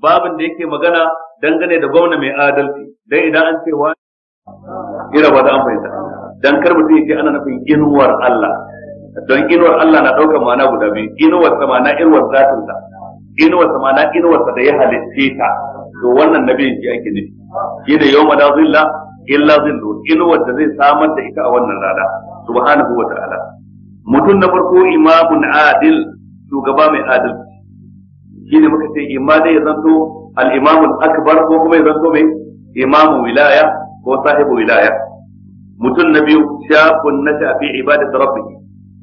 babin da yake magana dangane da gwamna mai adalci dan idan an ce wani ira ba da an dan kar mutum yake ana nufin inuwar Allah don inuwar Allah na daukar ma'ana guda biyu inuwar sa ma'ana inuwar zatin sa inuwar sa ma'ana inuwar sa da ya halicce ta to wannan nabi yake ake nufi shi da yawma da zilla illa zillu inuwar da zai samar da ita a wannan rana subhanahu wa ta'ala mutum na farko imamun adil shugaba mai adalci shine muka ce imma dai ya zanto al-imamu akbar ko kuma ya zanto mai imamu wilaya ko sahibu wilaya mutum na biyu shafun na shafi ibadatu rabbi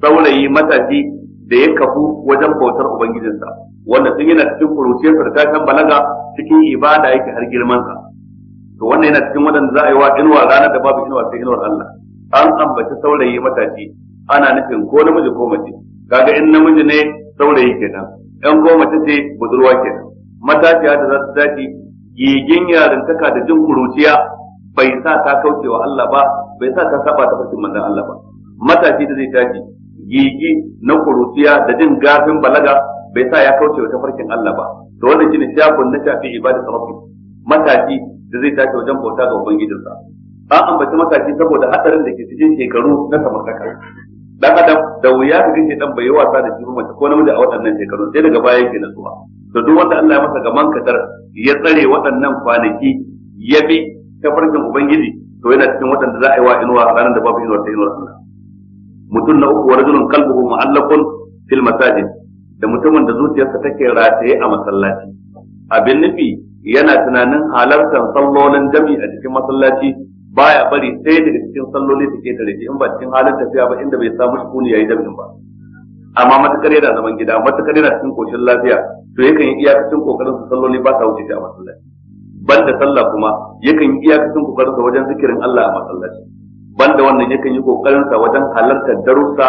saurayi matashi da ya kafu wajen bautar ubangijinsa wanda sun yana cikin kuruciyar tashin balaga cikin ibada yake har girmansa to wannan yana cikin wadanda za a yi wa inuwa ranar da babu inuwa sai inuwar Allah an ambaci saurayi matashi ana nufin ko namiji ko mace kaga in namiji ne saurayi kenan yan goma ta ce budurwa ke matashiya da za su tashi gigin yarintaka da jin kuruciya bai sa ta kauce wa Allah ba bai sa ta saba ta farkin manzan Allah ba matashi da zai tashi gigi na kuruciya da jin gafin balaga bai sa ya kauce wa tafarkin Allah ba to wannan shine shafin na shafi ibada rabbi matashi da zai tashi wajen bauta ga ubangijinsa an ambaci matashi saboda hadarin da ke cikin shekaru na samartaka dan adam da wuya ka ganin dan bai wasa da jikin mace ko namiji a waɗannan shekaru sai daga baya yake nasuwa to duk wanda Allah ya masa gaman kadar ya tsare waɗannan kwanaki ya bi ta farkin ubangiji to yana cikin waɗanda za a yi wa inuwa ranar da babu inuwa ta inuwa Allah mutum na uku wa rajulun qalbuhu mu'allaqun fil masajid da mutumin da zuciyarsa take rataye a masallaci abin nufi yana tunanin halartar sallolin jami'a cikin masallaci baya bari sai daga cikin salloli da ke tare in ba cikin halin tafiya ba inda bai samu kuni yayi dabin ba amma matukar yana zaman gida matukar yana cikin koshin lafiya to yakan yi iyakacin kokarin sa salloli ba sa wuce shi a masallaci banda sallah kuma yakan yi iyakacin kokarin sa wajen zikirin Allah a masallaci banda wannan yakan yi kokarin sa wajen halartar darussa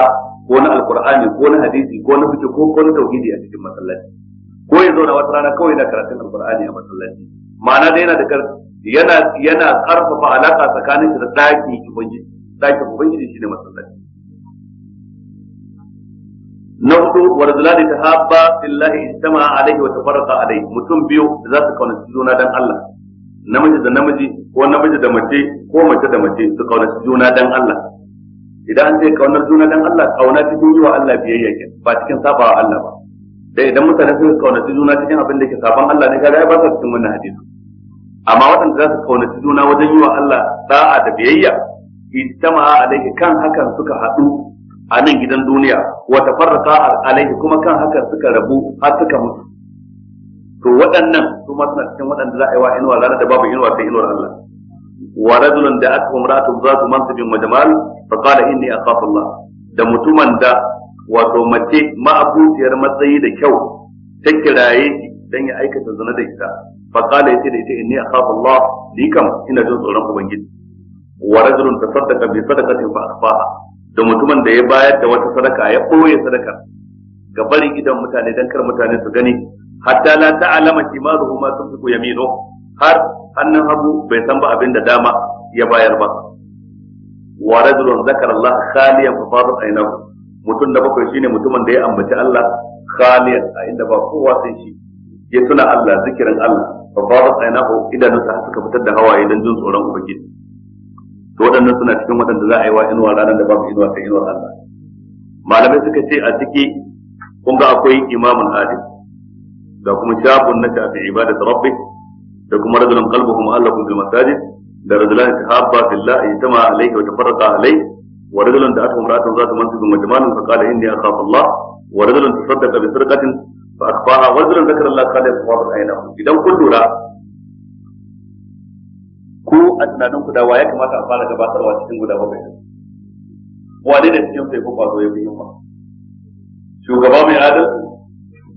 ko na alqur'ani ko na hadisi ko na fiqh ko ko na tauhidi a cikin masallaci ko ya zauna wata rana kawai yana karatun alqur'ani a masallaci ma'ana dai yana da yana yana karfafa alaka tsakanin shi da daki ubangiji daki ubangiji shine masallaci na hudu wa razulani ta habba billahi istama alaihi wa tafarraqa alaihi mutum biyu da za su kaunaci juna dan Allah namiji da namiji ko namiji da mace ko mace da mace su kaunaci juna dan Allah idan an ce kaunar juna dan Allah kauna su yi wa Allah biyayya ke ba cikin sabawa Allah ba dai idan mutane suka kaunaci juna cikin abin da ke saban Allah ne ga ai ba su cikin wannan hadisi amma waɗanda za su kaunaci juna wajen yi wa Allah da'a da biyayya ijtama'a alaihi kan hakan suka haɗu a nan gidan duniya wa tafarraqa alaihi kuma kan hakan suka rabu har suka mutu to waɗannan su ma suna cikin waɗanda za a yi wa inuwa ranar da babu inuwa sai inuwar Allah wa rajulun da aka umratu zatu mansibin wa jamal fa qala inni akhafu Allah da mutumin da wato mace ma'abuciyar matsayi da kyau ta kiraye shi dan ya aikata zina da ita fa qala yace da ita inni akhafu Allah ni kam ina jin tsoron ubangiji wa rajulun tasaddaqa bi sadaqatin fa akhfaha da mutumin da ya bayar da wata sadaka ya boye sadaka ga barin idan mutane dan kar mutane su gani hatta la ta'lama shimaluhu ma tunfiqu yaminu har hannun hagu bai san ba abin da dama ya bayar ba wa rajulun zakara Allah khaliyan fa fadat aynahu mutum da bakwai shine mutumin da ya ambaci Allah khaliyan a inda ba kowa sai shi ya tuna Allah zikirin Allah babbar tsainahu idanunsa suka fitar da hawaye don jin tsoron ubangiji to waɗannan suna cikin waɗanda za a yi wa inuwa ranar da babu inuwa sai inuwar Allah malamai suka ce a ciki kun ga akwai imamun adil da kuma shafun na shafi ibadat rabbi da kuma rajulun qalbuhum allahu bil masajid da rajulan tahabba billahi yatama alayhi wa tafarraqa alayhi wa rajulun atum ra'atun zatu mansibin wa jamalin fa qala inni akhafu Allah wa rajulun tasaddaqa bi sirqatin fa وزر ذكر الله قال qala asbaha ayna idan kun lura كو a tunanin ku da ya kamata a fara cikin guda bakwai wane da cikin sai ko kwazo ya biyu shugaba mai adalci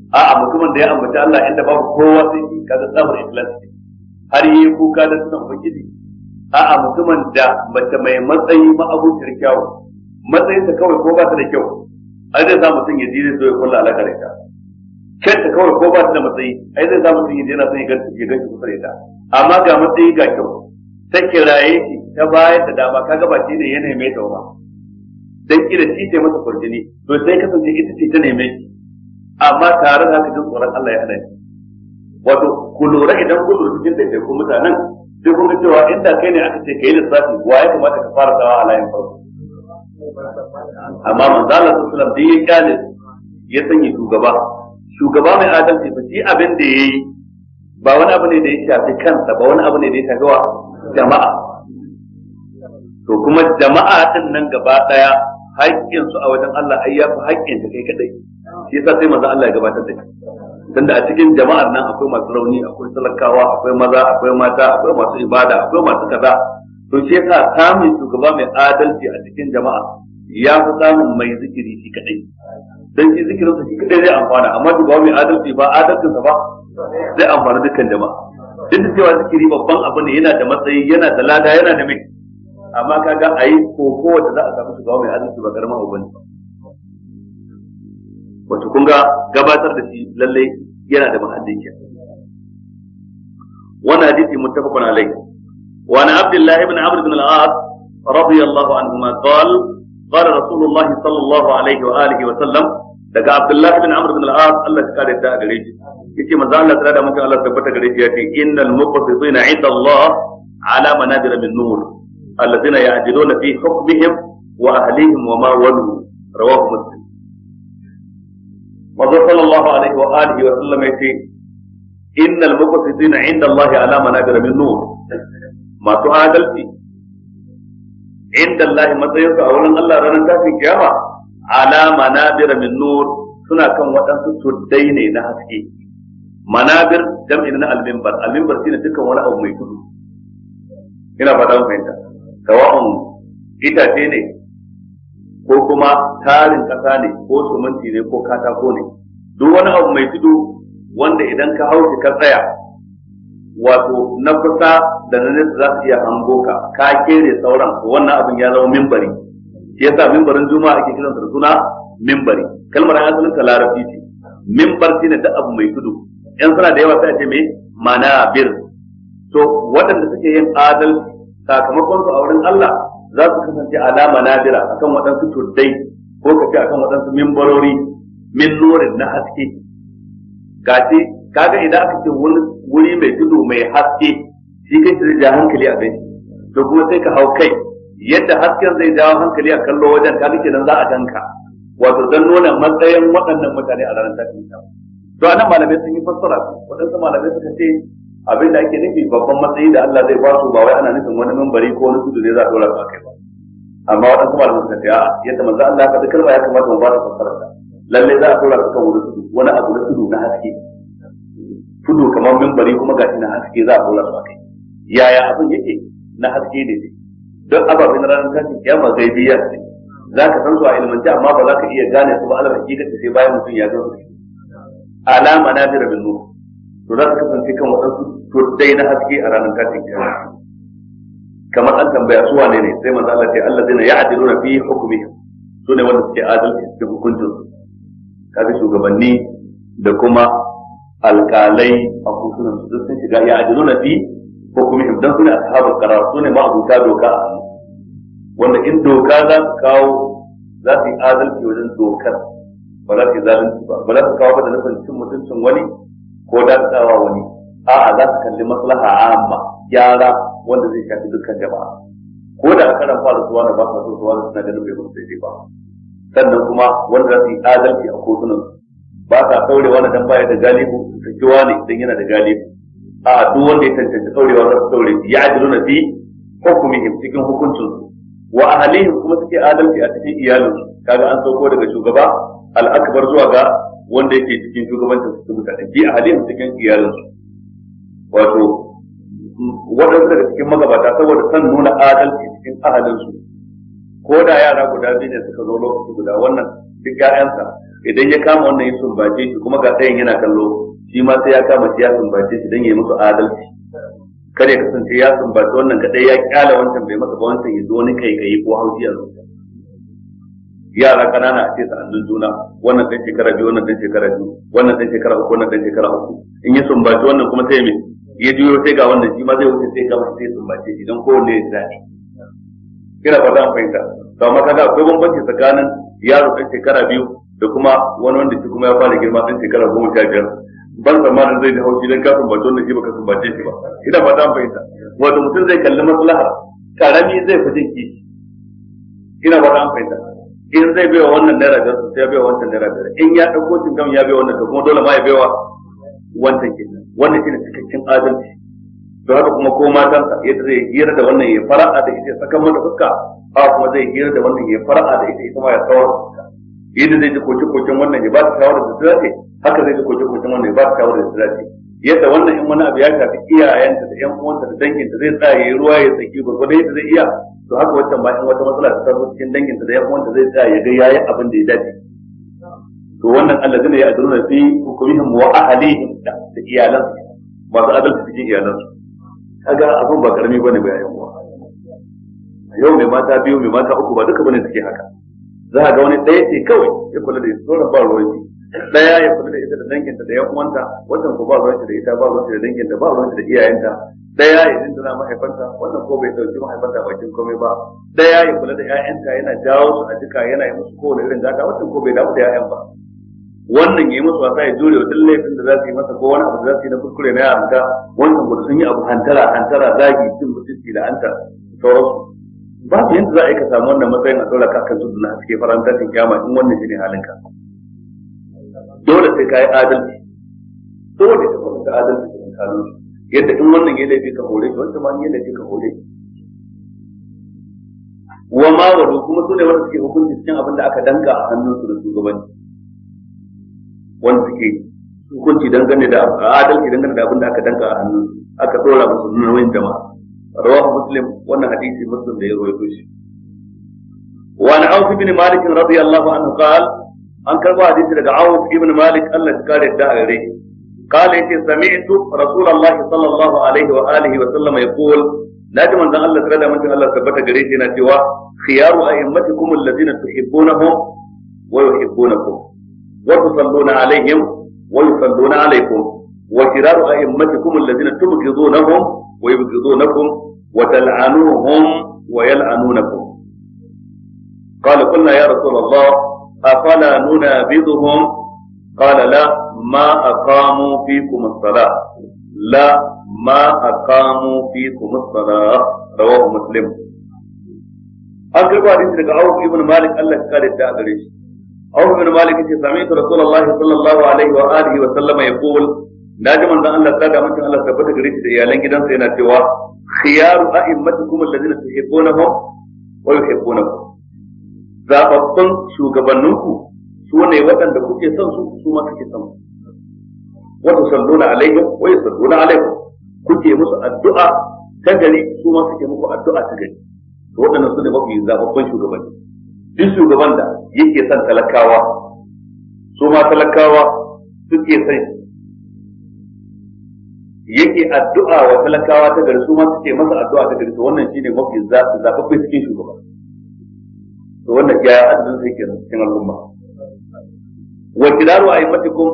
a'a mutumin da ya ambaci Allah inda babu kowa sai shi kaga tsabar ikhlasi har yi kuka da sunan ubangiji a'a mutumin da mace mai matsayi ma kyawu matsayin Matsayinsa kawai ko ba da kyau sa mutum ya ya da kanta kawai ko ba ta da matsayi ai zai samu sun yi yana son yi ganta ke ganta kusa da ita amma ga matsayi ga kyau ta kiraye shi ta bayar da dama kaga ba shi ne yanayi mai tauma dan kira shi ta masa kurjini to sai kasance ita ce ta neme shi amma tare da haka jin tsoron Allah ya hana shi wato ku lura idan ku lura cikin da ku mutanen sai kun ga cewa inda kai ne aka ce kai lissafi wa ya kamata ka fara tsawa a layin farko amma manzo Allah sallallahu alaihi wasallam da ya kyale ya sanya shugaba shugaba mai adalci ba shi abin da ya yi ba wani abu ne da ya shafi kansa ba wani abu ne da ya shafi wa jama'a to kuma jama'a din nan gaba daya haƙƙin su a wajen Allah ai ya fi haƙƙin ta kai kadai shi yasa sai manzo Allah ya gabatar da shi dan da a cikin jama'ar nan akwai masu rauni akwai talakawa akwai maza akwai mata akwai masu ibada akwai masu kaza to shi yasa samun shugaba mai adalci a cikin jama'a ya fi samun mai zikiri shi kadai dan shi zikirin sa shi kadai zai amfana amma duk ba mai adalci ba adalcin sa ba zai amfana dukkan jama'a duk da cewa zikiri babban abu ne yana da matsayi yana da lada yana da mai amma kaga ayi koko wanda za a samu shugaba mai adalci ba karamin abu bane wato kun ga gabatar da shi lalle yana da mahallin shi wannan hadisi muttafaqun alayhi wa ana abdullahi ibn amr ibn al-as radiyallahu anhu ma qala قال رسول الله صلى الله عليه وآله وسلم daga abdullahi bin Amr bin al-As Allah ya kare ta gare shi yace manzo Allah ta da mutum Allah tabbata gare shi yace innal muqsitina 'inda Allah ala manabir min nur alladhina ya'diluna fi hukmihim wa ahlihim wa ma walu rawahu muslim wa sallallahu alaihi wa alihi wa sallam yace innal muqsitina 'inda Allah ala manabir min nur masu adalci inda Allah matsayinsu a wurin Allah ranar tashin kiyama ala manabir min nur suna kan waɗansu tuddai ne na haske manabir jam'in na al-minbar al-minbar shine dukkan wani abu mai tudu ina fata mun fahimta sawa'un itace ne ko kuma tarin ƙasa ne ko suminti ne ko katako ne duk wani abu mai tudu wanda idan ka hau ka tsaya wato na kusa da na nesa za su iya hango ka ka kere sauran wannan abin ya zama mimbari shi yasa mimbarin juma'a ake kiransa da suna mimbari kalmar an asalin ka larabci ce mimbar shine da abu mai tudu yan suna da yawa sai a ce me manabir to waɗanda suke yin adal sakamakon su a wurin Allah za su kasance alama nadira akan waɗansu tuddai ko kace akan waɗansu mimbarori min nurin na haske gashi kaga idan aka ce wuri mai tudu mai haske shi kai zai hankali a bai to kuma sai ka hau kai yadda hasken zai jawo hankali a kallo wajen ka ke nan za a ganka wato dan nuna matsayin waɗannan mutane a ranar tashin ta to anan malamai sun yi fassara waɗansu malamai suka ce abin da ake nufi babban matsayi da Allah zai ba su ba wai ana nufin wani membari ko wani tudu ne za a dora ba kai ba amma waɗansu malamai suka ce a yadda manzo Allah ka ba ya kamata mu ba ta fassara ta lalle za a dora ka kan wani tudu wani abu na tudu na haske tudu kamar membari kuma gashi na haske za a dora ba kai yaya abin yake na haske ne don ababin ranar tashin kiyama gaibiya ne za ka san su a ilmance amma ba za ka iya gane su ba alal ka sai bayan mutum ya gano su alama na fi rabin nuna to za ka kasance kan waɗansu dai na haske a ranar tashin kiyama kamar an tambaya su wane ne sai manzo Allah ce Allah zai na fi hukumi su ne wanda suke adalci da hukuncin su kaga shugabanni da kuma alƙalai a kusurin su sun shiga na fi hukumi don su ne sahabar karar su ne ma'abuta doka a wanda in doka za su kawo za su yi adalci wajen dokar ba za su yi zalunci ba ba za su kawo ba da nufin cin mutuncin wani ko dakatawa wani a'a za su kalli maslaha amma gyara wanda zai shafi dukkan jama'a ko da a karan fara zuwa na ba su so zuwa suna ganin bai mutu daidai ba sannan kuma wanda za su yi adalci a kotunan ba sa saurewa na dan baya da galibu su kiwa ne idan yana da galibu a duk wanda ya tantance kaurewa za su saure ya na fi hukumihim cikin hukuncin su wa ahlihim kuma suke adalci a cikin iyalinsu kaga an sauko daga shugaba al'akbar zuwa ga wanda yake cikin shugabancin su mutane bi ahlihim cikin iyalinsu wato waɗansu daga cikin magabata saboda san nuna adalci cikin ahalinsu ko da yara guda biyu ne suka zo lokaci guda wannan duk ƴaƴansa idan ya kama wannan ya sumbace shi kuma ga ɗayan yana kallo shi ma sai ya kama shi ya sumbace shi don ya yi musu adalci kada ya kasance ya sumbaci wannan kadai ya kyala wancan bai masa ba wancan ya zo wani kai ko hauji a yara kanana a ce sa'annin juna wannan dan shekara biyu wannan dan shekara biyu wannan dan shekara uku wannan dan shekara uku in ya sumbaci wannan kuma sai me ya juyo sai ga wannan shi ma zai wuce sai ga wannan sai sumbace shi dan kowanne ya zaɓi kira ba za a fahimta to amma kaga akwai bambanci tsakanin yaro dan shekara biyu da kuma wani wanda shi kuma ya fara girma dan shekara goma sha biyar ban zamanin zai da haushi dan ka sumbace wannan ba baka sumbace shi ba ina ba ta fahimta wato mutum zai kalli maslahar karami zai fi ki ina ba ta fahimta in zai baiwa wannan naira biyar ya bai baiwa wancan naira biyar in ya ɗauko cingam ya baiwa wannan to kuma dole ma ya baiwa wancan ke wannan ne cikakken adalci to haka kuma ko matansa yadda zai hira da wannan ya fara'a da ita ya sakan mata fuska a kuma zai hira da wannan ya fara'a da ita ita ma ya tsawar fuska yadda zai ji koke-koken wannan ya ba ta shawarar da ta dace haka zai ta koke koken wannan ya ba ta shawarar da dace yadda wannan in wani abu ya shafi iyayenta da yan uwanta da danginta zai tsaye ruwa ya tsaki gwargwadon yadda zai iya to haka wancan ba in wata matsala ta taso cikin danginta da yan uwanta zai tsaye ya ga yayi abin da ya dace to wannan Allah zai ya adruna fi hukumihim wa ahlihim da iyalansu masu adalci cikin iyalansu kaga abin ba karami bane ba yayin uwa yau mai mata biyu mai mata uku ba duka bane suke haka za a ga wani ɗaya ce kawai ya kula da tsoron ba ruwan daya ya kula da ita da danginta da yan uwanta wannan ko ba ruwanta da ita ba ruwanta da danginta ba ruwanta da iyayenta daya ya da mahaifanta wannan ko bai dauki mahaifanta bakin komai ba daya ya kula da ƴaƴanta yana jawo su a jika yana yi musu kowane irin gata wannan ko bai damu da ƴaƴan ba wannan ya yi musu wasa ya jure duk laifin da za su yi masa ko wani abu da za su yi na kuskure na yaranta wannan ko sun yi abu hantara hantara zagi cin mutunci da hanta sauransu su yadda za a yi ka samu wannan matsayin a tsoraka kan su da haske farantar kiyama in wannan shi ne halinka. dole sai ka yi adalci dole ka fahimta adalci da tsakanin yadda in wannan ya laifi ka hore shi wanda ma ya laifi ka hore shi wa ma wa kuma su ne wanda suke hukunci cikin abin da aka danka a su da shugabanci wanda suke hukunci dangane da adalci dangane da abin da aka danka a hannunsu aka dora musu nauyin jama'a rawahu muslim wannan hadisi muslim da ya rawaito shi وعن عوف بن مالك رضي الله عنه قال an karbo hadisi daga Awf ibn Malik Allah ya kare da gare قال إن سمعت رسول الله صلى الله عليه وآله وسلم يقول ناجم أن الله تعالى من الله ثبت قريتنا سوى خيار أئمتكم الذين تحبونهم ويحبونكم وتصلون عليهم ويصلون عليكم وشرار أئمتكم الذين تبغضونهم ويبغضونكم وتلعنوهم ويلعنونكم قال قلنا يا رسول الله أفلا ننابذهم قال لا ما أقاموا فيكم الصلاة لا ما أقاموا فيكم الصلاة رواه مسلم أقرب حديث لك عوف ابن مالك الله قال التأذري عوف ابن مالك سمعت رسول الله صلى الله عليه وآله وسلم يقول ناجم أن الله قال من الله ثبت قريش يالين جدا سينا سوا خيار أئمتكم الذين تحبونهم ويحبونكم zababban shugabanninku su ne waɗanda kuke son su su ma kake son wata salluna alaihim wa yasalluna alaikum kuke musu addu'a ta gari su ma suke muku addu'a ta gari to waɗannan su ne mafi zababban shugabanni duk shugaban da yake son talakawa su ma talakawa suke son yake addu'a wa talakawa ta gari su ma suke masa addu'a ta gari to wannan shine mafi zababban cikin shugabanni to wannan ya addin sai kenan cikin al'umma wa yi aimatikum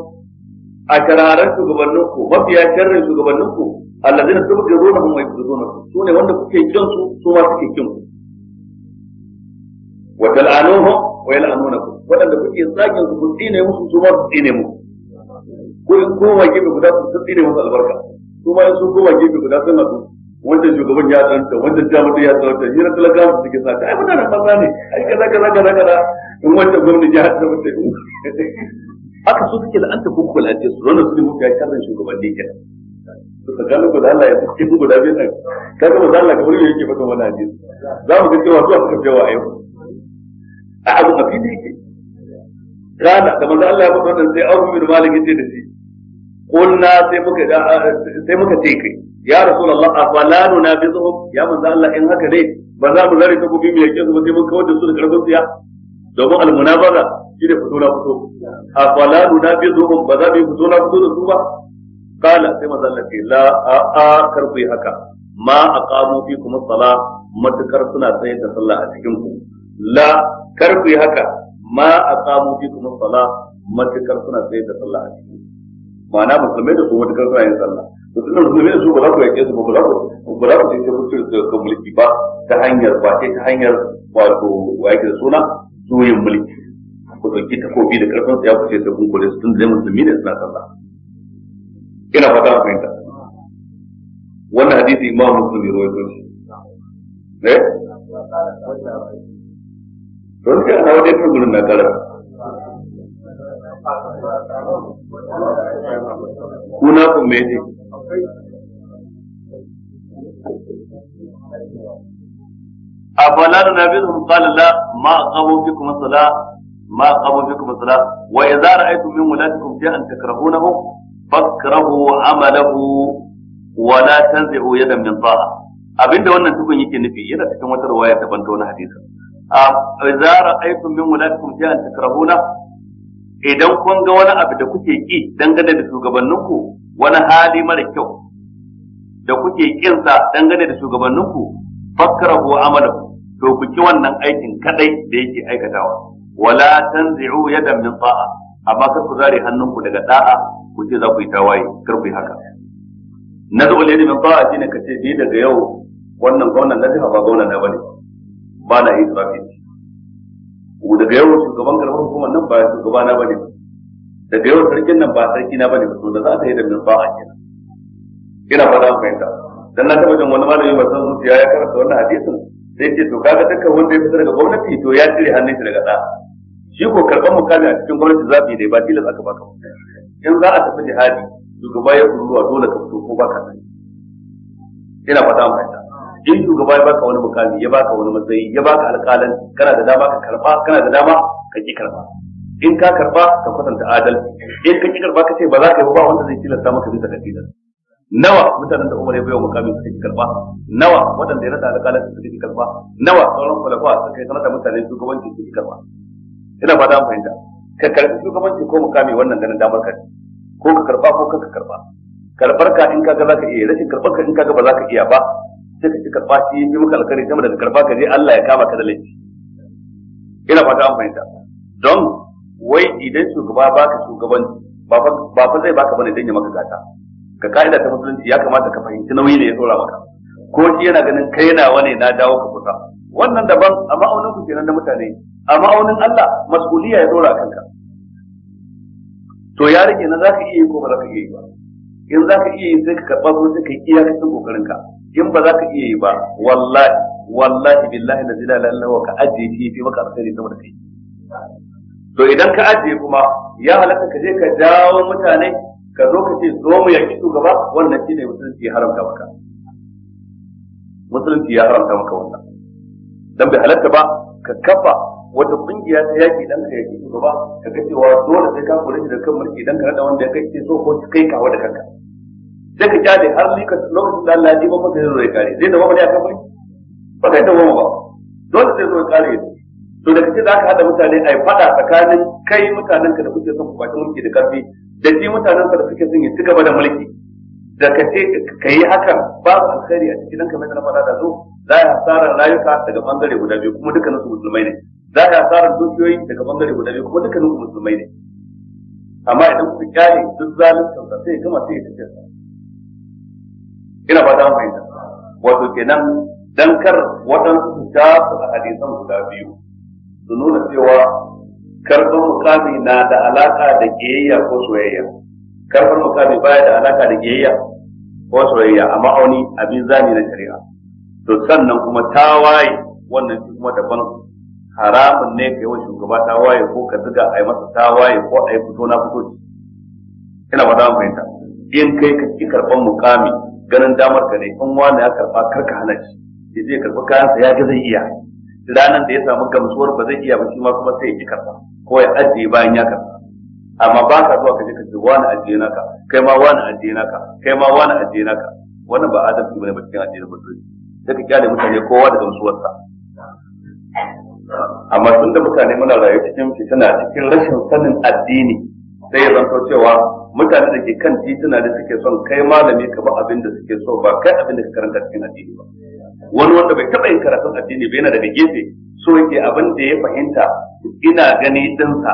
a kararan shugabannin ku mafiya sharrin shugabannin ku alladheena tubghirunahum wa yubghirunakum su ne wanda kuke kin su su ma suke kin ku wa tal'anuhum wa yal'anunakum wadanda kuke tsakin su ku tsine musu su ma su tsine muku ko in koma gefe guda su tsine musu albarka su ma in sun koma gefe guda sun na su wanda shugaban ya tsanta wanda jami'ai ya tsanta yi na talaga su suke sa ai mutanen banza ne ai kaza kaza kaza kaza in wanda gwamnati ya haɗa mata Aka so suke la'anta ko kula lafiya su zauna su ne mafiya shugaban ne kenan ka gano ku da Allah ya fuske ku guda biyu ɗan ka ga za Allah kamar yau yake fata wani hadisi za mu ga cewa zuwa suka fi yawa a yau a abu a fili yake kana da manzo Allah ya faɗa wannan sai Abu bin Malik yace da shi qulna sai muka sai muka ce kai ya na afala tsohon ya manzo Allah in haka ne ba za mu zare ta gobe mu yake su ba sai mun kawar da su da karfin tsiya domin almunabaza shine fito na fito afala nunabizuhum ba za mu fito na fito da su ba kala sai manzo Allah ce la a a karfi haka ma aqamu fikum as-sala matakar suna tsayar da sallah a cikin ku la karfi haka ma aqamu fikum kuma sala matukar suna tsayar da sallah a cikin ku ma'ana musulmai da su matakar suna yin sallah da suka musulmi ba za ku yaƙe su ba ba za ku ce ta da kan mulki ba ta hanyar ba ce ta hanyar wato wa yake da suna mulki ku ɗauki takobi da ya fice ta kunkure su tun da musulmi ne suna sallah ina fata na fahimta wannan hadisi imam muslim ya rawaito shi ne eh? don sai ana wajen kan gurin na kuna kun mai أفلا ننابذهم قال لا ما أقاموا فيكم الصلاة ما أقاموا فيكم الصلاة وإذا رأيتم من ولاتكم شيئا تكرهونه فاكرهوا عمله ولا تنزعوا يدا من طاعة abinda wannan tukun yake nufi yana cikin wata riwaya ta banto na hadisi a idza ra'aytum min wulatikum shay'an takrahuna idan kun ga wani abu da kuke ƙi dangane da shugabanninku wani hali mara kyau da kuke kinsa dangane da shugabanninku ko amalahu to ku ki wannan aikin kadai da yake aikatawa wala tanzi'u yadan min ta'a amma kar ku zare hannunku daga da'a ku ce za ku yi tawaye kar ku yi haka nad'u ilayhi min ta'a shine ce, bi daga yau wannan gwamnan na jiha ba gwamnan na bane ba na israfi daga yau shugaban karfin hukumar nan ba shugaba na bane daga yau sarkin nan ba sarki na bane ba to da za ta yi da min ba'a kenan ina fada mu fahimta dan na taba jin wani malami ba san zuciya ya karanta wannan hadisin sai ce to kaga dukkan wanda ya fitar daga gwamnati to ya cire hannun shi daga da shi ko karban mukami a cikin gwamnati yi dai ba tilas aka baka in za a tafi jihadi shugaba ya a dole ka fito ko ba ka sani ina fata mu fahimta in shugaba ya baka wani mukami ya baka wani matsayi ya baka alƙalan kana da dama ka karba kana da dama ka ki karba in ka karba ka kwatanta adalci in ka ki karba ka ce ba za ka yi ba wanda zai tilasta maka bisa ka tilas nawa mutanen da Umar ya bayyana mukamin suka ki karba nawa waɗanda ya rada alƙalan suka ki karba nawa sauran kulafa suka yi sanata da mutane shugabanci suka ki karba ina ba da fahimta ka karbi shugabanci ko mukami wannan ganin damar ka ko ka karba ko ka karba karbar ka in ka kaga zaka iya rashin karbar ka in ka ga ba ka iya ba sai ka ci karba shi yi maka alkhairi sama da karba ka je Allah ya kama ka da laifi ina fata an fahimta don wai idan shugaba ka shugaban ba fa zai baka bane dan ya maka gata ka ka'ida ta musulunci ya kamata ka fahimci nauyi ne ya tsora maka ko shi yana ganin kai nawa ne na dawo ka kusa wannan daban a ma'aunin ku kenan na mutane a ma'aunin Allah mas'uliyya ya tsora kanka to ya rike na zaka iya yi ko ba zaka iya yi ba in zaka iya yi sai ka karba ko sai ka yi iyakacin kokarin ka in ba zaka iya yi ba wallahi wallahi billahi la ilaha illa huwa ka ajiye shi fi maka alkhairi saboda kai to idan ka ajiye kuma ya halaka ka je ka dawo mutane ka zo ka ce zo mu yaki shugaba wannan shine musulunci ya haramta maka musulunci ya haramta maka wannan dan bai halatta ba ka kafa wata kungiya ta yaki dan ka yaki shugaba ka ga cewa dole sai ka kula da kan mulki dan ka rada wanda ya kai so ko kai ka da kanka sai ka jade har lokacin da Allah ya ji ba maka zai zo ya kare zai da wani ya kafa ba kai da wani ba dole zai zo ya kare to da kace zaka hada mutane ai fada tsakanin kai mutanen ka da kuke son ku kwace mulki da karfi da shi mutanen ka da suke son ya ci gaba da mulki da kace kai hakan babu alkhairi a cikin dan kamar da fada da zo za ka hasarar rayuka daga bangare guda biyu kuma dukkanin su musulmai ne za ka hasarar dukiyoyi daga bangare guda biyu kuma dukkanin su musulmai ne amma idan kuka kyale duk zalincin sa sai gama sai ya tafi ina ba da mu wato kenan dan kar waɗansu su ta a hadisan guda biyu su nuna cewa karfin mukami na da alaka da kiyayya ko soyayya karfin mukami baya da alaka da kiyayya ko soyayya a ma'auni abin zani na shari'a to sannan kuma tawaye wannan shi kuma daban haramun ne ka yi shugaba tawaye ko ka ziga a yi masa tawaye ko a yi fito na fito ina ba za mu fahimta in kai ka ci karɓar mukami ganin damar ka ne in wani ya karɓa kar ka hana shi ya je karɓi kayansa ya ga zai iya ranar da ya samu gamsuwar ba zai iya ba shi ma kuma sai ya ki karba ko ya ajiye bayan ya karba amma ba ka zuwa ka je ka ce wani ajiye naka kai ma wani ajiye naka kai ma wani ajiye naka wannan ba adalci bane ba cikin addinin musulunci sai ka kyale mutane kowa da gamsuwarsa amma tun da mutane muna rayu cikin fitina cikin rashin sanin addini sai ya zanto cewa mutane da ke kan tituna da suke son kai malami ka ba abin da suke so ba kai abin da ka karanta cikin addini ba wani wanda bai taɓa yin karatun addini ba yana daga gefe so yake abin da ya fahimta ina gani dinsa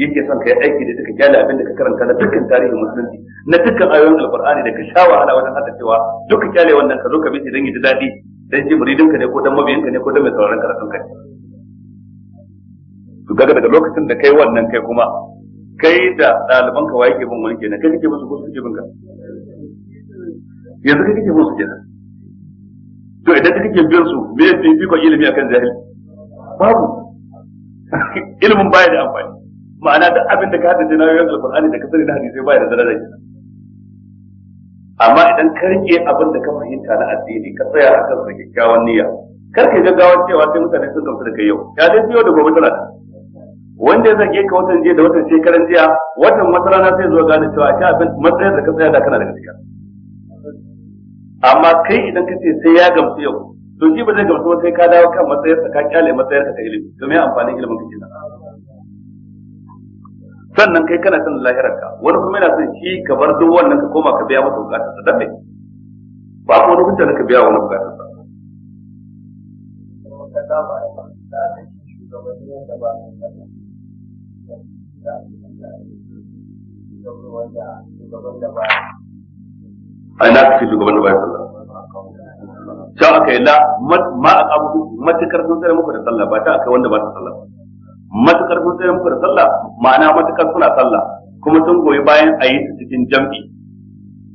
yake son kai aiki da duka kyale abin da ka karanta na dukkan tarihin musulunci na dukkan ayoyin alqur'ani da ka sha wahala wajen hada cewa duka kyale wannan ka zo ka bi shi dan yi daɗi dan ji ka ne ko dan ka ne ko dan mai sauraron karatun ka to kaga daga lokacin da kai wannan kai kuma kai da ɗaliban ka waye ke bin wani kenan kai kake musu ko suke bin ka yanzu kai kake musu kenan to idan kai kake bin su me yafi ko ilimi akan jahili babu ilimin baya da amfani ma'ana duk abin da ka hada da nayoyin alqur'ani da ka sani da hadisi baya da daraja amma idan ka rike abin da ka fahimta na addini ka tsaya akan kyakkyawan niyya kar ka gaggawa cewa sai mutane sun gamsu da kai yau ya dai biyo da gobe tana da wanda ya zage ka watan jiya da watan shekaran jiya watan wata na sai zuwa gane cewa shi abin matsayar da ka tsaya da kana da gaskiya amma kai idan ka ce sai ya gamsu yau to shi ba zai gamsu ba sai ka dawo kan matsayar ka kyale matsayar ka ta ilimi to me amfanin ilimin kake da sannan kai kana son lahirarka wani kuma yana son shi ka bar duk wannan ka koma ka biya masa bukatar sa dan me ba ko wani hujja ka biya wani bukatar sa Thank ba A na kace shugaban da bayan sallah sha aka yi la ma a kabu matukar sun tsare muku da sallah ba ta aka wanda ba ta sallah matukar sun tsare muku da sallah ma'ana matukar suna sallah kuma sun goyi bayan a yi su cikin jam'i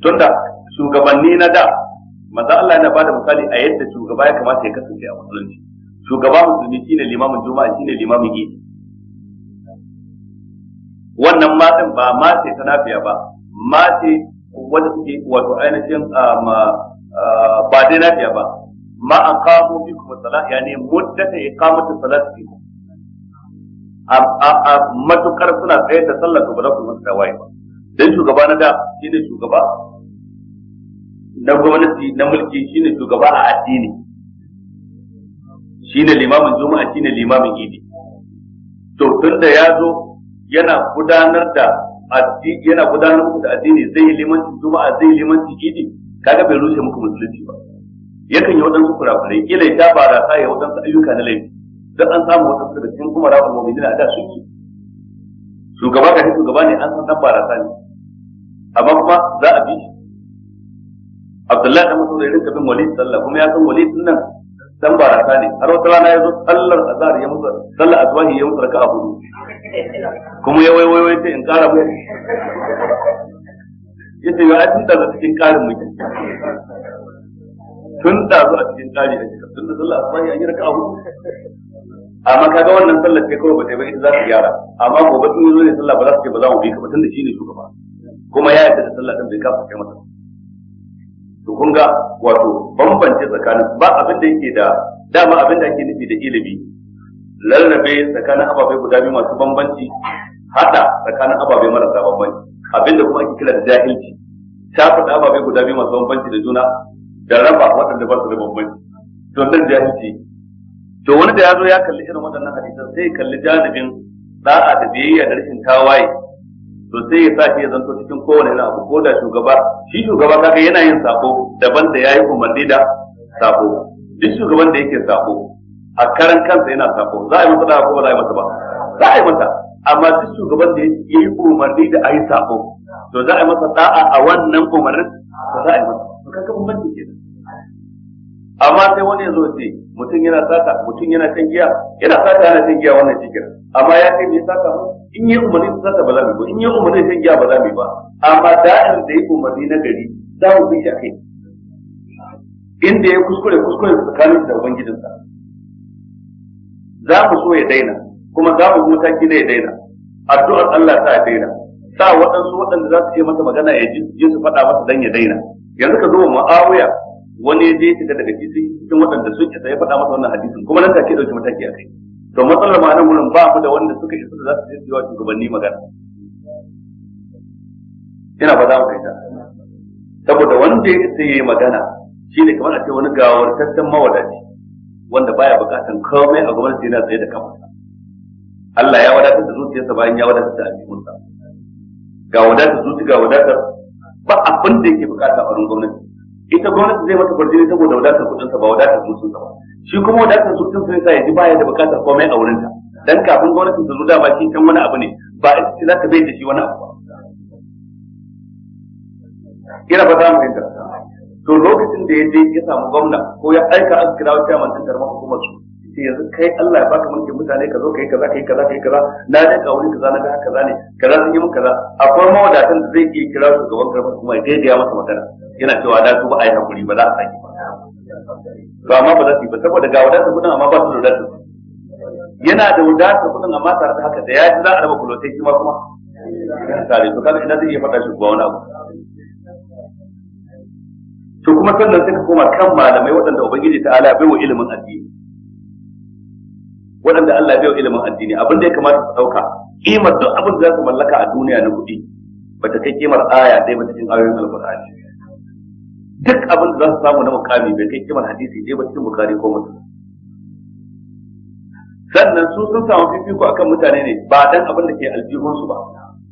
Tun da shugabanni na da manzo Allah yana bada misali a yadda shugaba ya kamata ya kasance a musulunci shugaba musulmi shine limamin juma'a shine limamin idi wannan matsin ba mace ta nafiya ba mace wadda suke wato ainihin ah, ah, ba dai nafiya ba ma an kamo fi kuma sala yani muddata ya kama ta salat fi a matukar suna tsaye da sallar ba da ku masu tawaye ba dan shugaba na da shine shugaba na gwamnati na mulki shine shugaba a addini shine limamin juma'a shine limamin idi to tunda ya zo yana gudanar da addini yana gudanar da addini zai yi limanci juma'a zai yi limanci idi kaga bai rushe muku musulunci ba yakan yi waɗansu kurakurai kila ya ta barasa ya wadansu ayyuka na laifi dan an samu wata daga cikin kuma rawar mu'minin a da sun yi shugaba ka shugaba ne an san dan barasa ne amma kuma za a bi Abdullahi da Mas'ud ya rinka bin Walid sallah kuma ya san Walid nan dan barasa ne har wata rana ya sallar azhar ya musa sallar azwahi ya musa raka'a hudu kuma ya waiwai wai sai in kara mu yace ya tun da cikin karin mu tun da zo a cikin kari da cikin tun da sallar azwahi an yi raka'a hudu amma kaga wannan sallar sai kawai bata ta ba ita za ta gyara amma gobe tun zo ne sallah ba za su ce ba za mu bi ka ba tunda shine shugaba kuma ya yarda da sallah din bai kafa kai masa to kun ga wato bambance tsakanin ba abin da yake da dama abin da ake nufi da ilimi lallabe tsakanin ababai guda biyu masu bambanci hada tsakanin ababai marasa bambanci abinda kuma ake kira da jahilci shafa da ababai guda biyu masu bambanci da juna da raba waɗanda ba su da bambanci to nan jahilci to wani da ya zo ya kalli irin waɗannan hadisan sai kalli janibin da'a da biyayya da rashin tawaye to sai ya sa shi ya zanto cikin kowane irin abu ko da shugaba shi shugaba kaga yana yin sako daban da yayi umarni da sako duk shugaban da yake sako a karan kansa yana sako za a yi masa ko ba za a yi masa ba za a yi masa amma duk shugaban da ya yi umarni da a yi sako to za a yi masa da'a a wannan umarnin ba za a yi masa kaga bambanci kenan amma sai wani ya zo ce mutum yana sata mutum yana can giya yana sata yana can giya wannan jikin amma ya kai me sata mu in yi umarni su saka ba za mu ba in yi umarni shan giya ba za mu ba amma da'in da ya umarni na gari za mu fi shi kai inda ya kuskure kuskure tsakanin da ubangijinsa za mu so ya daina kuma za mu mataki na ya daina addu'ar Allah ta daina sa waɗansu waɗanda za su ce masa magana ya ji su faɗa masa dan ya daina yanzu ka zuwa ma'awiya wani ya je ya shiga daga cikin waɗanda suke sai ya faɗa masa wannan hadisin kuma nan take dauki mataki a kai to matsalar ma nan wurin ba mu da wanda suka isa da za su yi wa shugabanni magana ina ba za mu ta. saboda wanda ya isa yi magana shine kamar a ce wani gawar tattan mawadaci wanda baya bukatan komai a gwamnati yana tsaye da kamarsa Allah ya wadatar da zuciyarsa bayan ya wadatar da aljihunsa ga wadatar zuci ga wadatar ba abin da yake bukata a wurin gwamnati ita gwamnati zai mata kwarjini saboda wadatar kudinsa ba wadatar zuciyarsa ba shi kuma wadatar tun sun sa ya ji baya da bukatar komai a wurinsa dan kafin gwamnatin ta zo da baki kan wani abu ne ba a ciki za ka bai da shi wani abu ba ina ba za mu fahimta to lokacin da ya je ya samu gwamna ko ya aika aka kira wata mai tantar ma hukumar su sai yanzu kai Allah ya baka mulkin mutane ka zo kai kaza kai kaza kai kaza na da ka kaza na ga kaza ne kaza sun yi mun kaza akwai mawadatan da zai iya kira su gaban karfa kuma ya daidaya masa magana yana cewa da su ba a yi hakuri ba za a sake to amma ba za su yi ba saboda ga wadatar kudin amma ba su da wadatar yana da wadatar kudin amma tare da haka da ya ji za a raba kulotai shi ma kuma tare to kaga ina zai iya faɗa shi wani abu to kuma sannan sai ka koma kan malamai waɗanda ubangiji ta ala bai wa ilimin addini waɗanda Allah bai wa ilimin addini abin da ya kamata su ɗauka kimar duk abin da za su mallaka a duniya na kuɗi bata kai kimar aya dai ba cikin ayoyin alƙur'ani duk abin da za su samu na mukami bai kai kimar hadisi je ba cikin bukari ko mutum sannan su sun samu fifiko akan mutane ne ba dan abin da ke aljihunsu ba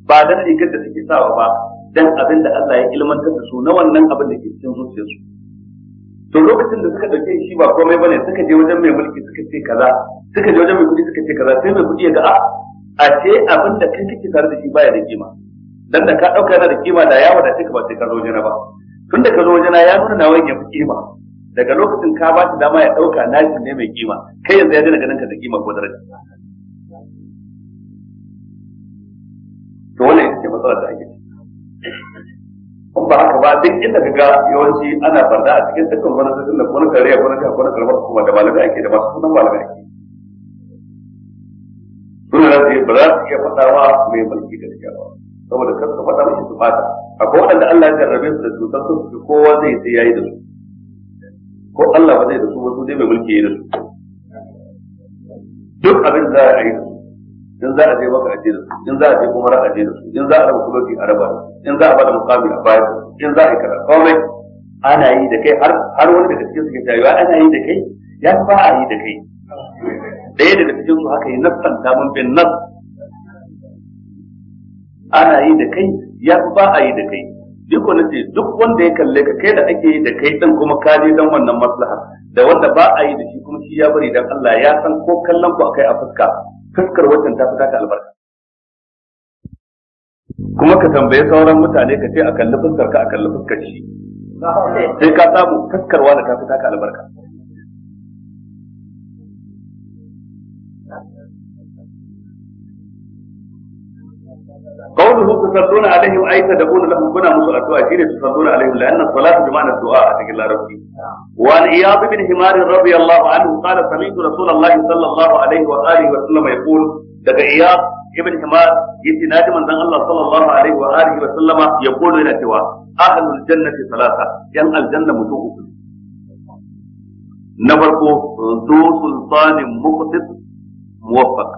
ba dan rigar da suke sawa ba dan abin da Allah ya ilmantar da su na wannan abin da ke cikin zuciyarsu to lokacin da suka dauke shi ba komai bane suka je wajen mai mulki suka ce kaza suka je wajen mai kudi suka ce kaza sai mai kudi ya ga a ah, a ce abin da kai kake tare da shi baya da kima dan da ka dauka yana da kima da ya wadace ka ba sai ka zo jina ba tun da ka zo wajena ya nuna nawa ya fi kima daga lokacin ka ba dama ya ɗauka naji ne mai kima kai yanzu ya dina ganin ka da kima ko daraja to wannan ita matsalar da ake Kuma ba haka ba duk inda ka ga yawanci ana barna a cikin dukkan wani sassan da wani kare kuma ka kuma karamar kuma da malamai ake da masu sunan malamai ake suna da ba za su iya faɗa wa mai mulki da ba saboda kar su faɗa mashi su bata akwai waɗanda Allah ya jarrabe su da cutar su su kowa zai sai yayi da su ko Allah ba zai da su wasu zai mai mulki yayi da su duk abin za a yi da su in za a je maka aje da su in za a je kuma ra'a aje da su in za a raba kulofi a raba in za a bada mukami a bayar in za a yi kaza komai ana yi da kai har wani daga cikin su ke tayewa ana yi da kai ya ba a yi da kai ɗaya daga cikin su haka yi nassan damun bin nas ana yi da kai ya ba a yi da kai duk wani ce duk wanda ya kalle ka kai da ake yi da kai din kuma ka je dan wannan maslaha da wanda ba a yi da shi kuma shi ya bari dan Allah ya san ko kallon ku akai a fuska fuskar wajen ta fita ta albarka kuma ka tambaye sauran mutane ka ce a kalli fuskar ka a kalli fuskar shi sai ka samu fuskar wanda ta fita ka albarka du'a'uhu tusalluna alaihim ay tad'una lahum kuna musu addu'a shine tusalluna alaihim la anna salatu jama'an du'a a cikin larabci wa an iyad bin himar radiyallahu anhu qala sami'tu rasulullahi sallallahu alaihi wa alihi wa sallam yaqul daga ibn himar yace naji manzon Allah sallallahu alaihi wa alihi wa sallama cewa ahlul jannati salasa yan aljanna uku na farko sultanin muwaffaq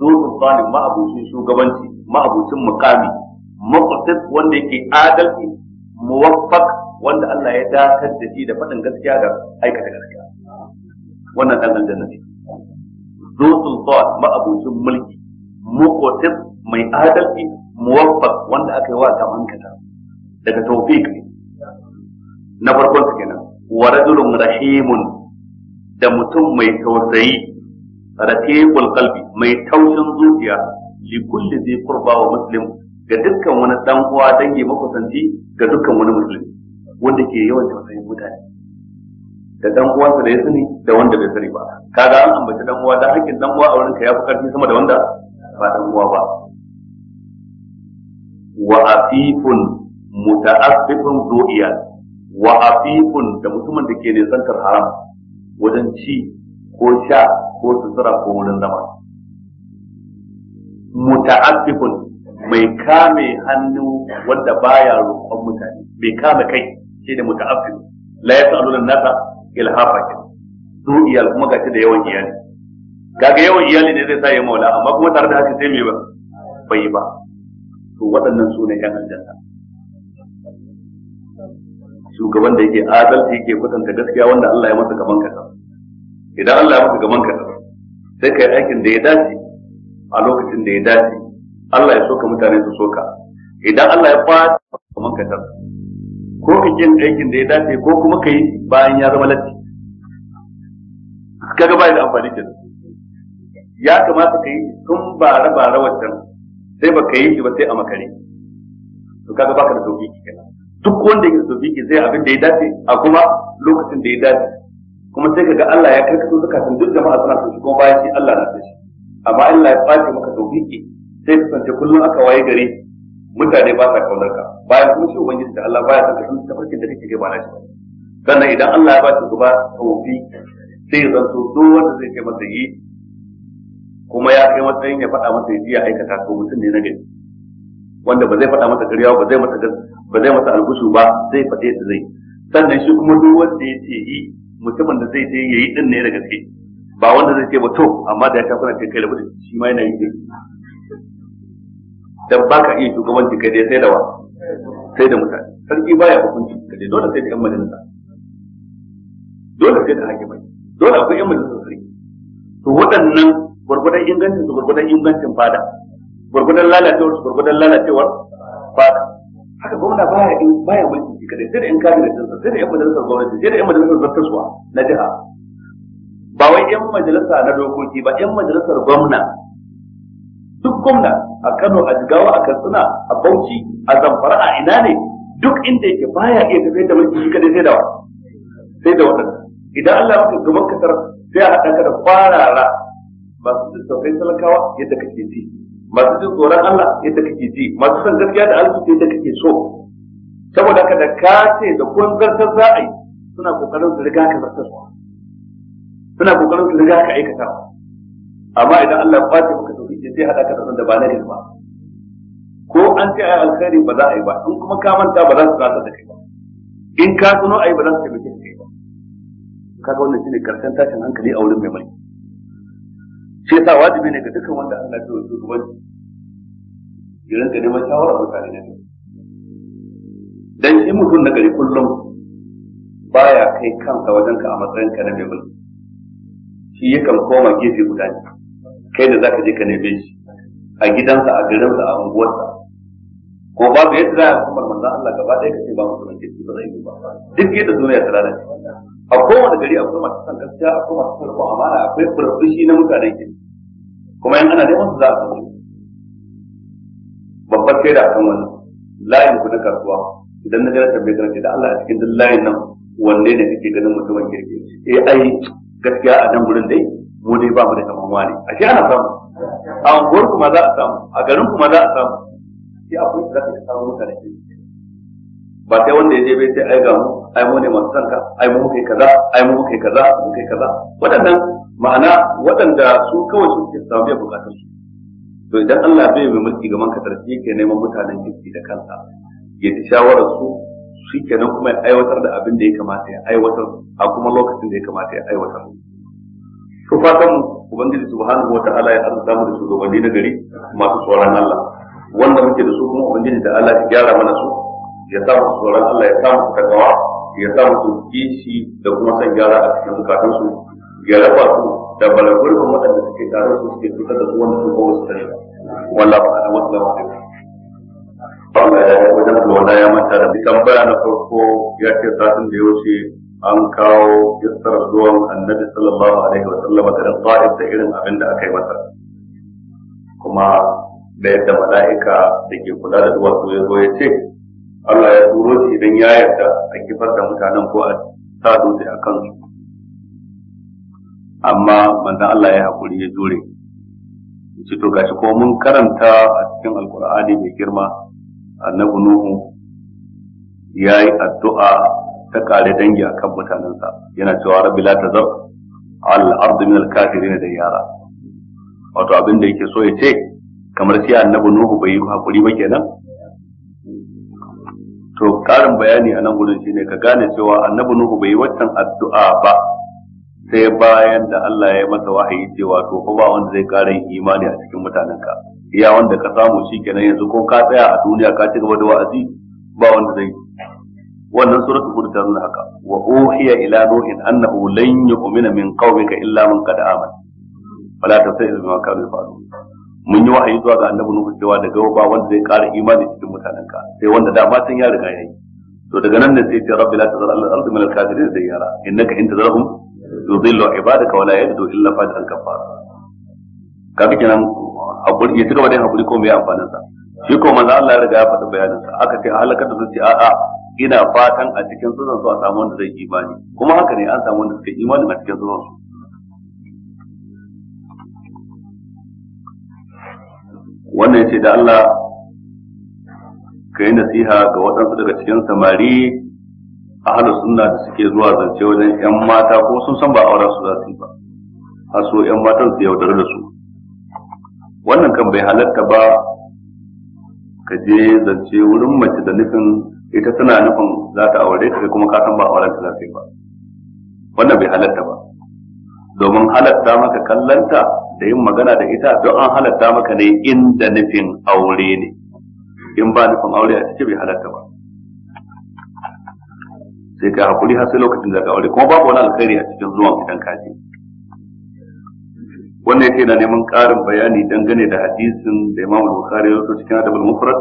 sultanin shugabanci ma'abucin mukami muqsit wanda yake adalci muwaffaq wanda Allah ya dakar da shi da faɗin gaskiya da aikata gaskiya wannan dan aljanna ne zu sultan ma'abucin mulki muqsit mai adalci muwaffaq wanda aka yi wa ta mankata daga tawfiq ne na farkon su kenan wa rajulun rahimun da mutum mai tausayi raqiqul qalbi mai taushin zuciya li kulli zai qurba wa muslim ga dukkan wani dan uwa dangi makusanci ga dukkan wani muslim wanda ke yawan tausayin mutane da dan uwansa da ya sani da wanda bai sani ba kaga an ambaci dan uwa da hakkin dan uwa a wurin ka yafi karfi sama da wanda ba dan uwa ba wa afifun muta'affifun zu'iyat wa afifun da mutumin da ke nisantar haram wajen ci ko sha ko sutura ko wurin zama muta'affifun mai kame hannu wanda baya roƙon mutane bai kame kai shi da muta'affif la yasaluna nasa ilhafa su iyal kuma gashi da yawan iyali kaga yawan iyali ne zai sa ya maula amma kuma tare da haka sai me ba bai ba to waɗannan su ne yan aljanna shugaban da yake adalci yake kwatanta gaskiya wanda Allah ya masa gaban kasa idan Allah ya masa gaban kasa sai kai aikin da ya dace a lokacin da ya dace Allah ya soka mutane su soka idan Allah ya fata kamar ka tar ko ka kin aikin da ya dace ko kuma ka yi bayan ya zama latti kaga ba da amfani kenan ya kamata ka yi tun bara bara wancan sai ba ka yi shi ba sai a makare to kaga baka da tawfiki kenan duk wanda yake da tawfiki zai abin da ya dace a kuma lokacin da ya dace kuma sai kaga Allah ya karkato zakatun duk jama'a suna son shi kuma bayan shi Allah na son shi amma Allah ya kwace maka tawfiki sai ka kasance kullum aka waye gari mutane ba sa kaunar ka bayan kuma shi ubangiji da Allah baya saka shi tafarkin da kake kai ba na shi sannan idan Allah ya ba shi gaba tawfiki sai ya zanto duk wanda zai kai masa yi kuma ya kai matsayin ya faɗa masa ya ya aikata to mutum ne na gari wanda ba zai faɗa masa ƙarya ba zai masa ba zai masa albushu ba zai faɗe su zai sannan shi kuma duk wanda ya ce yi mutumin da zai je yayi din ne da gaske ba wanda zai ce ba to amma da ya ta kuna kai da mutum shi ma yana yi dai dan ba ka iya shugabanci kai dai sai da wa sai da mutane sarki baya hukunci ka dai dole sai da yan majalisa dole sai da hakimai dole akwai yan majalisa sarki to waɗannan gurgudan ingancin su gurgudan ingancin fada gurgudan lalacewar su gurgudan lalacewar fada haka gwamna baya baya mulki kadai sai da in kabinetin sa sai da yan majalisa gwamnati sai da yan majalisa zartaswa na jiha ba wai yan majalisa na dokoki ba yan majalisar gwamna duk gwamna a Kano a Jigawa a Katsina a Bauchi a Zamfara a ina ne duk inda yake baya iya tafiyar da mulki shi kadai sai da sai da wannan idan Allah ya maka gaban kasar sai a haɗa ka da farara masu tsaffai talakawa yadda kake ji masu jin tsoron Allah yadda kake ji masu son gaskiya da alƙuci yadda kake so saboda haka da ka ce da kun zartar za a yi suna kokarin su riga ka zartar suna kokarin su riga ka aikata amma idan Allah ya kwace maka tauhidi sai hada ka da da ba na ba ko an ce ai alkhairi ba za a yi ba in kuma ka manta ba za su rasa da kai ba in ka tuno ai ba za su taimake kai ba ga wannan shine karshen tashin hankali a wurin mai mai shi yasa wajibi ne ga dukkan wanda Allah ya yi shugabanci ya rinka neman shawara tare na dan shi mutum na gari kullum baya kai kansa wajen ka a matsayin ka na mai mulki shi yakan koma gefe guda ne kai da zaka je ka neme shi a gidansa a garinsa a unguwarsa ko babu yadda za a kuma manzan Allah gaba ɗaya ka ce ba mutum ke ba zai yi ba duk yadda duniya ta lalace a kowane gari akwai masu san gaskiya akwai masu karɓo amana akwai furfushi na mutanen ke kuma yan ana neman su za a samu babbar kai da akan wani. layin ku na kasuwa idan na jira na da Allah a cikin duk layin nan wanne ne kake ganin mutumin kirki eh ai gaskiya a nan gurin dai mu dai ba mu da kaman wani shi ana samu a unguwar kuma za a samu a garin kuma za a samu shi a kuma za ka samu mutane ke ba sai wanda ya je bai sai ai ga mu ai mu ne masu sanka ai mu kai kaza ai mu kai kaza mu kai kaza waɗannan ma'ana waɗanda su kawai su ke samu ya bukatar su to idan Allah bai mai mulki ga manka tarfi ke yake neman mutanen jiki da kansa ya ci shawarar su shikenan kuma ya aiwatar da abin da ya kamata ya aiwatar a kuma lokacin da ya kamata ya aiwatar su fatan ubangiji subhanahu ta'ala ya arzuta mu da shugabanni na gari masu tsoron Allah wanda muke da su kuma ubangiji da Allah ya gyara mana su ya sa mu tsoron Allah ya sa mu takawa ya sa mu kishi da kuma san gyara a cikin zukatun su ya rafa su da balagurkan waɗanda suke tare su suke tutar da su wanda su ba su sani wallahi ba'ala wasu alaikum Allah ya yi wajen alwala ya manta da bi tambaya na farko ya ce satin da ya wuce an kawo kistar zuwan annabi sallallahu alaihi wa sallama da ta'if da irin abin da aka yi masa kuma da yadda mala'ika da ke kula da duwatsu ya zo ya ce Allah ya turo shi idan ya yarda a kifar da mutanen ko a sa dutse a kansu amma manzon Allah ya haƙuri ya jure shi to gashi ko mun karanta a cikin Alƙur'ani mai girma annabi nuhu ya yi addu'a ta kare dangi akan mutanensa yana cewa rabbi la tazar al ardi min al kafirin da yara wato abin da yake so ya ce kamar sai annabi nuhu bai yi hakuri ba kenan to karin bayani a nan gudun shine ka gane cewa annabi nuhu bai yi waccan addu'a ba sai bayan da Allah ya yi masa wahayi cewa to ba wanda zai kara imani a cikin mutanenka iya wanda ka samu shi kenan yanzu ko ka tsaya a duniya ka ci gaba da wa'azi ba wanda zai wannan suratul hud ta nuna haka wa uhiya ila nuhin annahu lan yu'mina min qaumika illa man qad amana fala tasayyiz bima kanu yafalun mun yi wahayi zuwa ga annabi nuhu cewa daga ba wanda zai ƙara imani cikin mutanenka sai wanda da matan ya riga yayi to daga nan ne sai ce rabbi la tazar al ardi min al kafirin sayyara innaka in tazarhum yudillu ibadaka wa la yajidu illa fajran kafara kaga kenan haƙuri ya cigaba da yin hakuri ko mai amfanin sa shi ko manzo Allah ya riga ya faɗi bayanin sa aka ce halaka da zuci a'a ina fatan a cikin su zan so a samu wanda zai imani kuma haka ne an samu wanda suka imani a cikin su zan so wannan yace da Allah ka yi nasiha ga waɗansu daga cikin samari a halin sunna da suke zuwa zance wajen yan mata ko sun san ba auren su za su yi ba a so yan matan su yaudar da su wannan kan bai halatta ba ka je zance wurin mace da nufin ita tana nufin za ta aure ta kuma ka san ba auren ta za ta yi ba wannan bai halatta ba domin halatta maka kallanta da yin magana da ita don an halatta maka ne inda nufin aure ne in ba nufin aure a cike bai halatta ba sai ka hakuri har sai lokacin da ka aure kuma babu wani alkhairi a cikin zuwan idan ka je wannan yake na neman ƙarin bayani dangane da hadisin da Imam Bukhari ya cikin Adabul Mufrad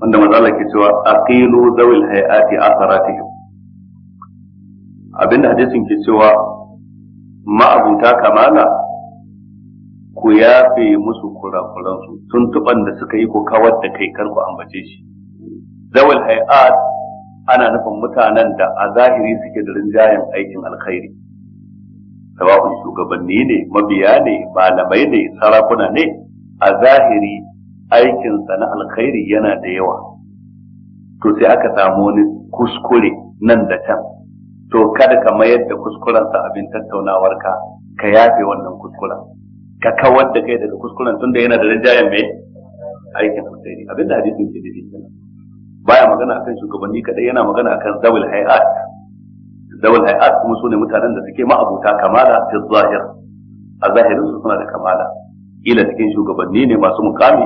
wanda manzo ke cewa aqilu zawil hayati asaratihim abinda hadisin ke cewa ma'abuta kamala ku yafe musu kurakuransu tun tuban da suka yi ko kawar da kai karku ku ambace shi zawil hayat ana nufin mutanen da a zahiri suke da rinjayen aikin alkhairi sawa'un shugabanni ne mabiya ne malamai ne sarakuna ne a zahiri aikinsa na alkhairi yana da yawa to sai aka samu wani kuskure nan da can to kada ka mayar da kuskurensa abin tattaunawarka ka yafe wannan kuskuren ka kawar da kai daga kuskuren tun da yana da rinjayen mai aikin alkhairi abin da hadisin ke da baya magana akan shugabanni kadai yana magana akan zawil hay'at zawal hay'at kuma sune mutanen da suke ma'abuta kamala fi zahir a zahirin su suna da kamala kila cikin shugabanni ne masu mukami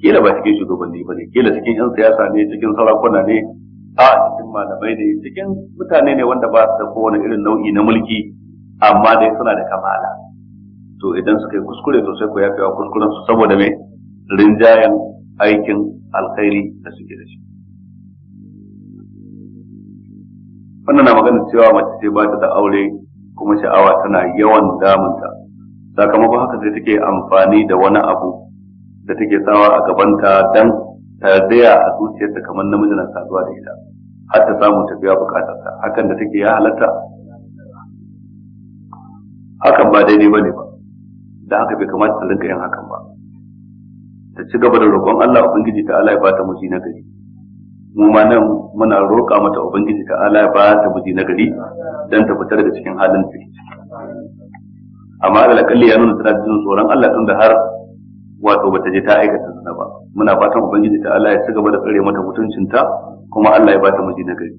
kila ba cikin shugabanni ba ne kila cikin yan siyasa ne cikin sarakuna ne a cikin malamai ne cikin mutane ne wanda ba su da kowane irin nau'i na mulki amma dai suna da kamala to idan suka yi kuskure to sai ku yafe kuskuren su saboda me rinjayen aikin alkhairi da suke da shi wannan na magana cewa mace ce ba ta da aure kuma sha'awa tana yawan damunta sakamakon haka sai take amfani da wani abu da take sawa a gabanta dan tardaya a zuciyarta kamar namiji na saduwa da ita har ta samu ta biya bukatarta hakan da take ya halatta hakan ba daidai bane ba da haka bai kamata ta rinka yin hakan ba ta ci gaba da roƙon Allah ubangiji ta Allah ya bata miji na gari mu ma nan muna roƙa mata ubangiji ta ala ba ta buji na gari dan ta fitar da cikin halin ta amma da kalli ya nuna tana jin tsoron Allah tun da har wato bata je ta aikata zina ba muna fatan ubangiji ta ala ya ci gaba da kare mata mutuncin ta kuma Allah ya ba ta miji na gari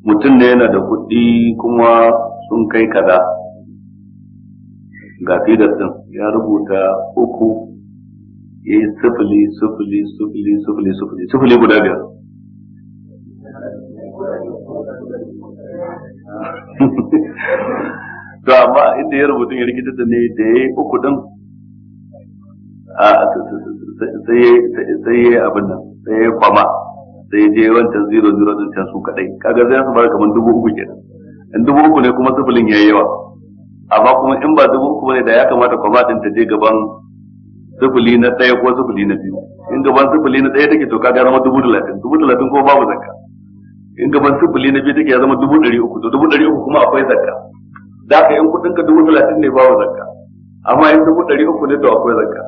mutum ne yana da kuɗi kuma sun kai kaza ga fidar din ya rubuta uku ya yi sufuli sufuli sufuli sufuli sufuli sufuli guda biyar to amma inda ya rubuta ya rikita da ne da ya yi uku din sai ya yi abin nan sai ya yi kwama sai ya je wancan zero zero din can su kadai kaga zai su bar kamar dubu uku kenan in dubu uku ne kuma sufulin ya yi yawa amma kuma in ba dubu uku ne da ya kamata kwama din ta je gaban sifili na ɗaya ko sifili na biyu in gaban sifili na ɗaya take to kaga zama dubu talatin dubu talatin ko babu zakka in gaban sifili na biyu take ya zama dubu ɗari uku to dubu ɗari uku kuma akwai zakka da ka in ka dubu talatin ne babu zakka amma in dubu ɗari uku ne to akwai zakka.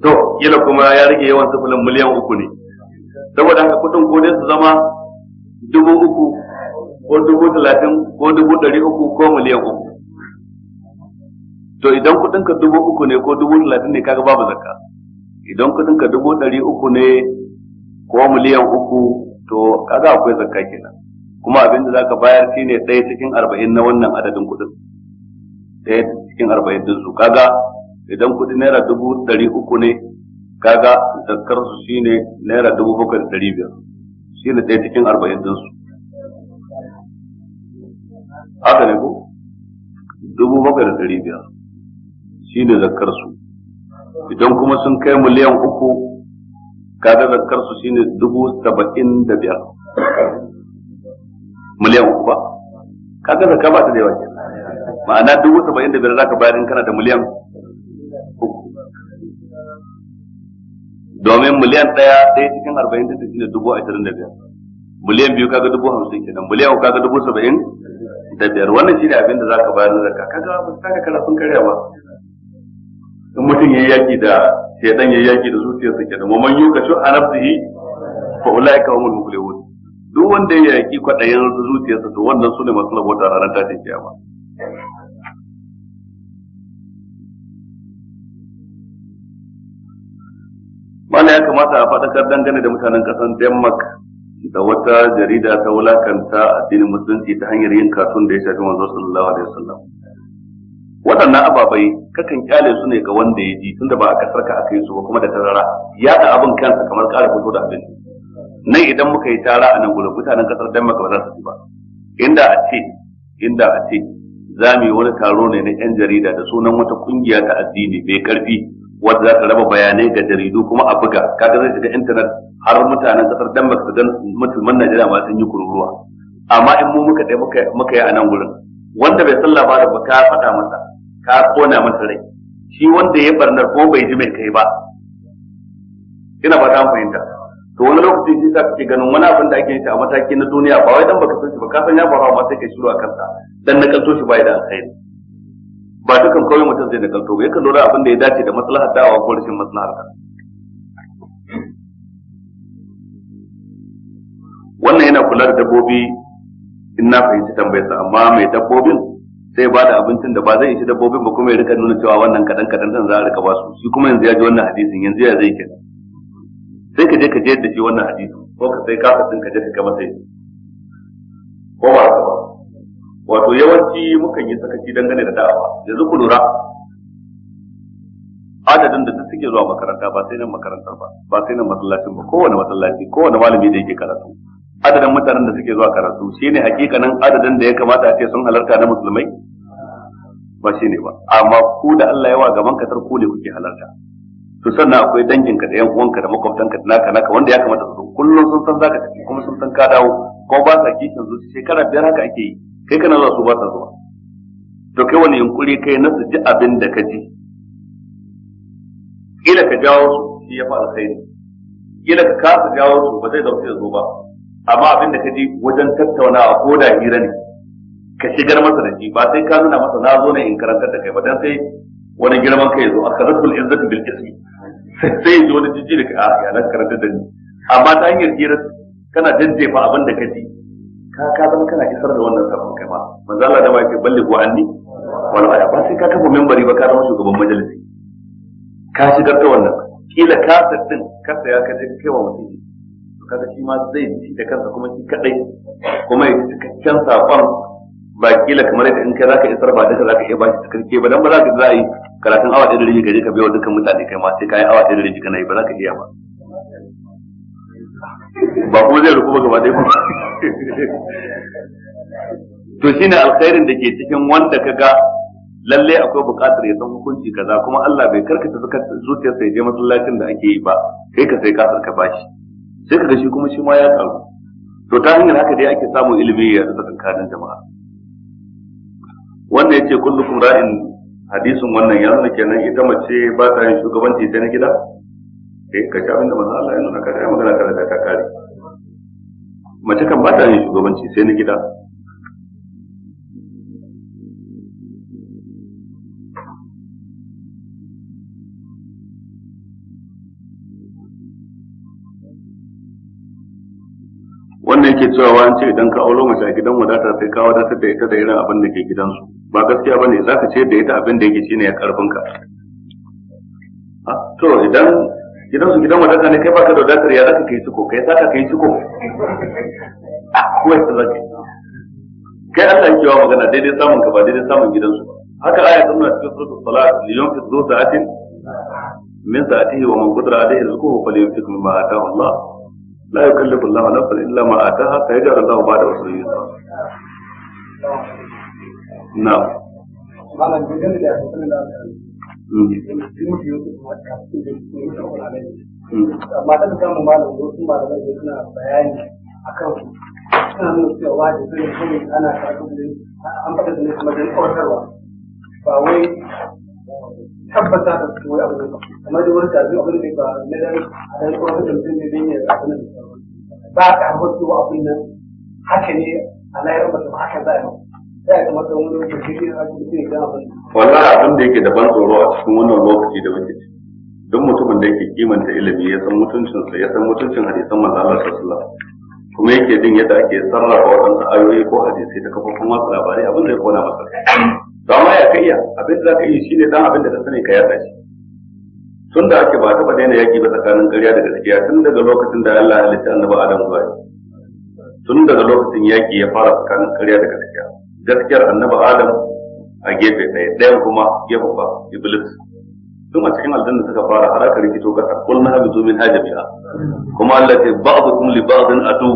To, kila kuma ya rage yawan sifilin miliyan uku ne. Saboda haka kuɗin ko dai su zama dubu uku ko dubu talatin ko dubu ɗari uku ko miliyan uku to idan kuɗin ka dubu uku ne ko dubu talatin ne kaga babu zakka idan kuɗin ka dubu ɗari uku ne ko miliyan uku to kaga akwai zakka kenan kuma abin da zaka bayar shine ɗaya cikin arba'in na wannan adadin kuɗin ɗaya cikin arba'in din su kaga idan kuɗi naira dubu ɗari uku ne kaga zakkar su shine naira dubu bakwai ɗari biyar shine ɗaya cikin arba'in din su haka ne ko dubu bakwai da ɗari biyar shi ne zakkar su idan kuma sun kai miliyan uku kaga zakkar su shine dubu saba'in da biyar miliyan uku ba kaga zakka ba ta da yawa ke ma'ana dubu saba'in da biyar za ka bayar in kana da miliyan uku domin miliyan ɗaya ɗaya cikin arba'in da ne dubu ashirin da biyar miliyan biyu kaga dubu hamsin kenan miliyan uku kaga dubu saba'in da biyar wannan ne abin da ka bayar na ka, kaga ba saka kana sun karya ba in mutum yi yaƙi da ya yi yaƙi da zuciyarsa kenan man yuka shu anafsihi fa ulaika humul muflihun duk wanda ya yaƙi kwaɗayin zuciyarsa to wannan su ne masu a ranar tashin kiyama Mana ya kamata a faɗakar dangane da mutanen ƙasar Denmark da wata jarida ta wulakanta addinin musulunci ta hanyar yin katun da ya shafi manzo sallallahu alaihi wasallam waɗannan ababai kakan kyale su ne ga wanda ya ji tunda ba a kasar ka aka yi su ba kuma da tarara ya da abin kansa kamar ƙara fito da abin nan idan muka yi tara a nan gurin mutanen kasar Denmark ba za su ba inda a ce inda a ce za mu yi wani taro ne na 'yan jarida da sunan wata kungiya ta addini mai karfi wadda za ta raba bayanai ga jaridu kuma a buga kaga zai shiga intanet har mutanen kasar Denmark su gan musulman Najeriya ma sun yi kururuwa amma in mu muka dai muka yi a nan gurin wanda bai sallah ba da ka faɗa masa ka kona masa rai shi wanda ya barnar ko bai ji mai kai ba ina ba ta fahimta to wani lokaci shi sa kake ganin wani abin da ake yi a mataki na duniya ba wai dan baka san shi ba ka san ya faru amma sai kai shiru a kansa dan na kanto shi bai da alkhairi ba dukan kawai mutum zai na kanto ba yakan lura abin da ya dace da maslahar dawa ko rashin maslahar ka wannan yana kula da dabbobi in na fahimci tambayarsa amma mai dabbobin sai ba da abincin da ba zai ishi dabbobin ba kuma ya rika nuna cewa wannan kadan kadan zan za a rika ba su shi kuma yanzu ya ji wannan hadisin yanzu ya zai kenan sai ka je ka je da shi wannan hadisi ko ka sai ka din ka je ka gama sai ko ba ka ba wato yawanci mukan yi sakaci dangane da da'awa yanzu ku lura adadin da suke zuwa makaranta ba sai nan makarantar ba ba sai nan masallacin ba kowane masallaci kowane malami da yake karatu adadin mutanen da suke zuwa karatu shine hakikanin adadin da ya kamata a ce sun halarta na musulmai ba shi ne ba amma ku da Allah yawa gaban ka tar ku ne kuke halarta to sannan akwai dangin ka da yan uwanka da makwabtanka da naka naka wanda ya kamata su kullum sun san zaka tafi kuma sun san ka dawo ko ba sa kishin zuci shekara biyar haka ake yi kai kana zuwa su ba sa zuwa to kai wani yunkuri kai na su ji abin da ka ji kila ka jawo su shi ya fara sai kila ka kasa jawo su ba zai dauke da zo ba amma abin da ka ji wajen tattaunawa ko da hira ne ka shigar masa da shi ba sai ka nuna masa na zo ne in karantar da kai ba dan sai wani girman kai zo akhadatul izzatu bil ismi sai sai ji wani jiji da ka a ah, ya nan karantar da ni amma ta hanyar hira kana jajjefa abin da ka ji ka ka zama kana isar da wannan sabon kai ma manzo Allah da bai balle ko anni wala aya ba sai ka kafa membari ba ka zama shugaban majalisi ka shigar da wannan kila kasar din ka saya ka je kai wa mutum kaga shi ma zai ci da kansa kuma shi kadai kuma ya cikakken sakon ba kila kamar yadda in kai zaka yi sarba da zaka iya ba shi cikakke ba dan ba zaka za yi karatun awa ɗaya da rigi ka bai wa dukkan mutane kai ma sai kai awa ɗaya da rigi kana yi ba zaka iya ba ba kuma zai ruku ba gaba ɗaya ba to shine alkhairin da ke cikin wanda kaga lalle akwai buƙatar ya san hukunci kaza kuma Allah bai karkata zuciyarsa ya je masallacin da ake yi ba kai ka sai kasar ka bashi sai kaga shi kuma shi ma ya karu to ta hanyar haka dai ake samun ilimi ya tsakankanin jama'a wannan yace kullukum ra'in hadisin wannan ya nuna kenan ita mace ba ta yin shugabanci ta na gida eh ka ci abinda manzo Allah ya nuna ka da magana kada ta kare mace kan ba ta yin shugabanci sai na gida cewa an ce idan ka aulo mace a gidan wadata sai ka wadatar da ita da irin abin da ke gidansu ba gaskiya ba ne za ka ce da ita abin da yake shine ya karfinka ah, to idan gidan su gidan wadata ne kai baka da wadatar ya zaka kai ciko kai saka kai ciko a ah, kowai ta kai Allah yake wa magana daidai samun ka ba daidai samun gidansu haka aya ta nuna cikin suratul salat liyum fi zuzatin min zatihi wa man qadara alaihi rizquhu falyunfiq mimma ataahu Allah la yukallifu Allahu illa ma ataha da samun wasu da bayani suna da ana karatu an fata da ne ba wai tabbata da su kamar da wani na a ne ya ba ka mutu abin nan haka ne a layar mutum haka za a yi sai a zama ɗan wani lokaci ne a cikin sai ga abin wallahi da yake daban tsoro a cikin wannan lokaci da muke ciki duk mutumin da yake kimanta ilimi ya san mutuncinsa ya san mutuncin hadisan manzon Allah sallallahu alaihi kuma yake jin yadda ake sarrafa waɗansu ayoyi ko hadisi da kafofin wasu labarai abin da ya kona masa to amma ya kai ya abin da za ka yi shine dan abin da ka sani ka yaɗa shi tun da ake ba taɓa daina yaƙi ba tsakanin ƙarya da gaskiya tun daga lokacin da Allah halitta annabi Adam zuwa tun daga lokacin yaƙi ya fara tsakanin ƙarya da gaskiya gaskiyar annabi Adam a gefe ɗaya ɗayan kuma gefe ba Iblis tun a cikin aljanna suka fara harakar aka rikito ka kul na habitu min hajabiha kuma Allah ce ba'dukum li ba'din atu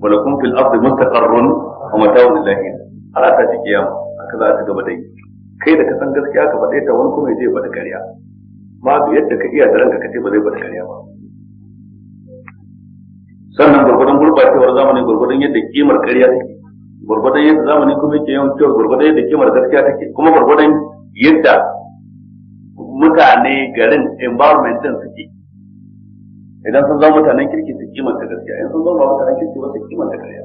wa lakum fil ardi mustaqarrun wa mata'un ilahi harakar ci kiyama aka za ta gaba dai kai da ka san gaskiya ka faɗe ta wani kuma ya je faɗi ƙarya babu yadda ka iya da ranka kace ba zai bar kariya ba sannan gurgurdan gurbacewar zamani gurgurdan yadda kimar kariya take gurgurdan yadda zamani kuma yake yawan cewa gurgurdan yadda kimar gaskiya take kuma gurgurdan yadda mutane garin environment din suke idan sun zama mutanen kirki su ta gaskiya in sun zama mutanen kirki ba su ta kariya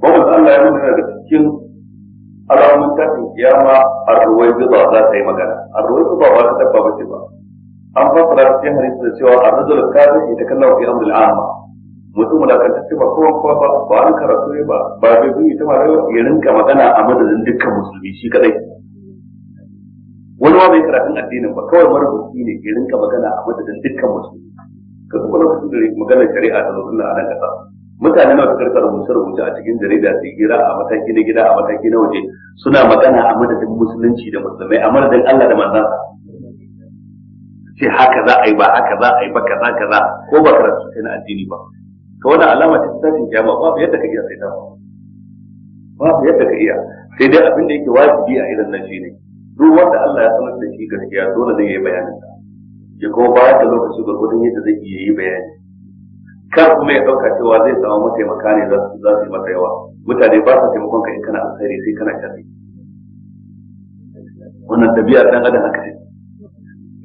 ba mu Allah ya nuna daga cikin alamun tashin kiyama arruwai zuba za ta yi magana arruwai zuba ba ta dabba ba ce ba an fassara cikin hadisi da cewa a arrajul kafir ita kallahu fi amril amma mutum da kan tafi ba kowa kowa ba ba an karatu ba ba bai bi ita ma ya rinka magana a madadin dukkan musulmi shi kadai wani ma bai karatun addinin ba kawai marubuci ne ya rinka magana a madadin dukkan musulmi Ka wani lokacin da magana shari'a da musulmi a nan kasa mutane masu karkar musu rubuta a cikin jarida su gira a mataki na gida a mataki na waje suna magana a madadin musulunci da musulmai a madadin Allah da manzansa ce haka za a yi ba haka za a yi ba kaza kaza ko ba karatu sai na addini ba to wannan alama ce ta tashin jama'a ba yadda ka iya sai ta ba yadda ka iya sai dai abin da yake wajibi a irin nan shine duk wanda Allah ya sanar da shi gaskiya dole ne ya yi bayanin ya kuma ba da lokaci gurgurdan yadda zai iya yi bayani Ka kuma ya ɗauka cewa zai samu mataimaka ne za su yi masa yawa mutane ba su taimakon ka in kana alkhairi sai kana kare wannan tabi'ar dan adam haka ce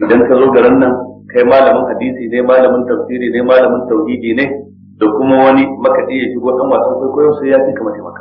idan ka zo garin nan kai malamin hadisi ne malamin tafsiri ne malamin tauhidi ne da kuma wani makaɗi ya shigo dan wasan kwaikwayo sai ya fi kamar